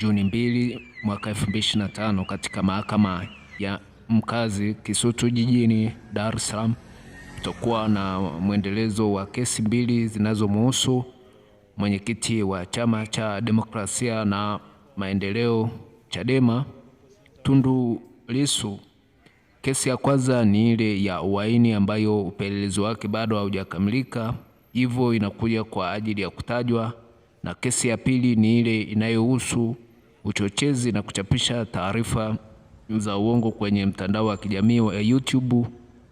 Juni 2 mwaka 2025 katika mahakama ya mkazi Kisutu jijini Dar es Salaam kutokuwa na mwendelezo wa kesi mbili zinazomuhusu mwenyekiti wa Chama cha Demokrasia na Maendeleo Chadema Tundu Lissu. Kesi ya kwanza ni ile ya uhaini ambayo upelelezi wake bado haujakamilika, hivyo inakuja kwa ajili ya kutajwa, na kesi ya pili ni ile inayohusu uchochezi na kuchapisha taarifa za uongo kwenye mtandao wa kijamii wa YouTube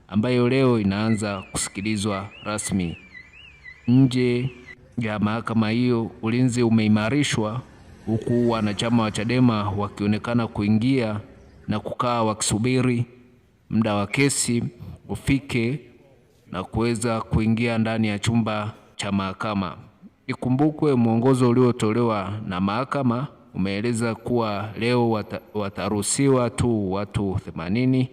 ambayo leo inaanza kusikilizwa rasmi. Nje ya mahakama hiyo, ulinzi umeimarishwa huku wanachama wa Chadema wakionekana kuingia na kukaa wakisubiri muda wa kesi ufike na kuweza kuingia ndani ya chumba cha mahakama. Ikumbukwe mwongozo uliotolewa na mahakama umeeleza kuwa leo wataruhusiwa tu watu 80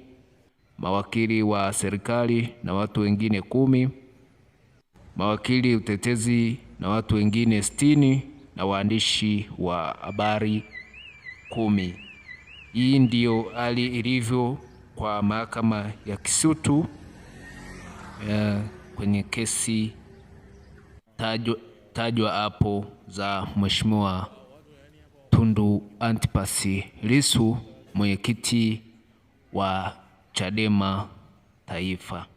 mawakili wa serikali na watu wengine kumi, mawakili utetezi na watu wengine sitini na waandishi wa habari kumi. Hii ndiyo hali ilivyo kwa mahakama ya Kisutu ya kwenye kesi tajwa hapo za mheshimiwa Tundu Antipasi Lissu mwenyekiti wa Chadema Taifa.